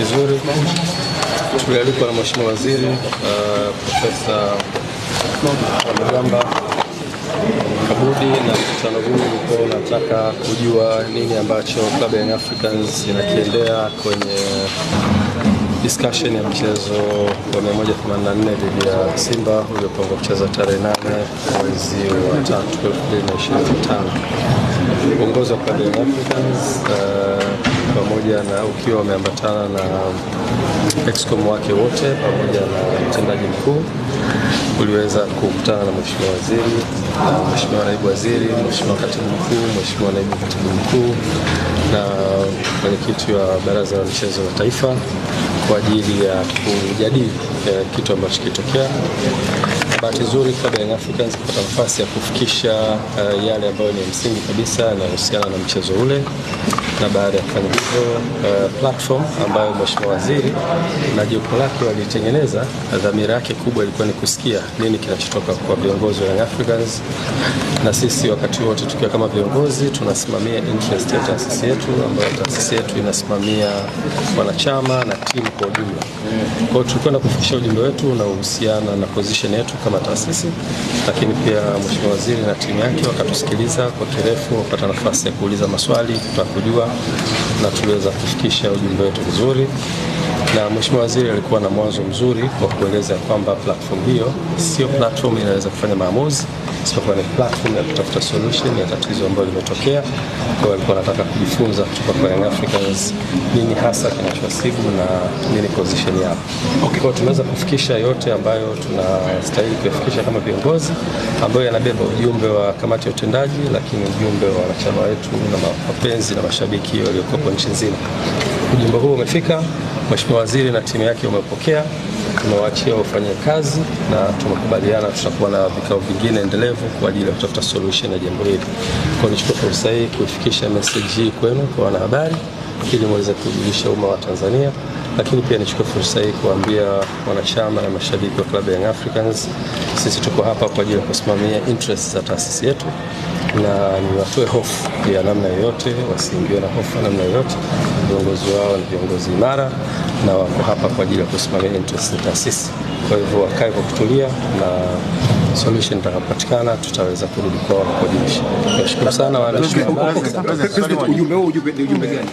kizuri. Tulialikwa na Mheshimiwa Waziri uh, Profesa Mgamba Kabudi na mkutano huu ulikuwa unataka kujua nini ambacho Club Young Africans inakiendea kwenye discussion ya mchezo wa 184 dhidi ya Simba uliopangwa kucheza tarehe 8 mwezi wa 3 2025. Uongozi wa Club Young Africans uh, pamoja na ukiwa wameambatana na excom wake wote pamoja na mtendaji mkuu uliweza kukutana na mheshimiwa waziri mheshimiwa naibu waziri, mheshimiwa katibu mkuu, mheshimiwa naibu katibu mkuu na mwenyekiti wa baraza la michezo la taifa kwa ajili ya kujadili eh, kitu ambacho kilitokea. Bahati nzuri klabu Young Africans kupata nafasi ya kufikisha uh, yale ambayo ni ya msingi kabisa yanayohusiana na mchezo ule na baada ya kufanya uh, eh, platform ambayo mheshimiwa waziri na jopo lake walitengeneza, dhamira yake kubwa ilikuwa ni kusikia nini kinachotoka kwa viongozi wa Young Africans, na sisi wakati wote tukiwa kama viongozi tunasimamia interest ya taasisi yetu, ambayo taasisi yetu inasimamia wanachama na timu kwa ujumla. Kwa hiyo tulikwenda kufikisha ujumbe wetu unaohusiana na position yetu kama taasisi, lakini pia Mheshimiwa Waziri na timu yake wakatusikiliza kwa kirefu, wakapata nafasi ya kuuliza maswali, tutakujua kujua na tuliweza kufikisha ujumbe wetu vizuri na Mheshimiwa Waziri alikuwa na mwanzo mzuri kwa kueleza kwamba platform hiyo sio platform inaweza kufanya maamuzi, isipokuwa ni platform ya kutafuta solution ya tatizo ambalo limetokea. Kwa hiyo alikuwa anataka kujifunza kutoka kwa Young Africans nini hasa kinachowasibu na nini position yao. Okay. Kwa tumeweza kufikisha yote ambayo tunastahili kuyafikisha kama viongozi, ambayo yanabeba ujumbe wa kamati ya utendaji, lakini ujumbe wa wanachama wetu na mapenzi na mashabiki waliokuwepo nchi nzima. Ujumbe huu umefika, Mheshimiwa Waziri na timu yake umepokea, tumewaachia wafanye kazi na tumekubaliana tutakuwa na vikao vingine endelevu kwa ajili ya kutafuta solution ya jambo hili. Kwa nichukua fursa hii kuifikisha message hii kwenu kwa wanahabari ili muweze kujulisha umma wa Tanzania, lakini pia nichukue fursa hii kuambia wanachama na mashabiki wa klabu ya Young Africans, sisi tuko hapa kwa ajili ya kusimamia interest za taasisi yetu na niwatoe hofu ya namna yoyote, wasiingiwe na hofu ya namna yoyote. Viongozi wao ni viongozi imara na wako hapa kwa ajili ya kusimamia interest ya taasisi. Kwa hivyo wakae kwa kutulia na solution itakapatikana tutaweza kurudi kwao na kuwajulisha. Nashukuru sana waandishi wa habari. Ujumbe huu ujumbe gani?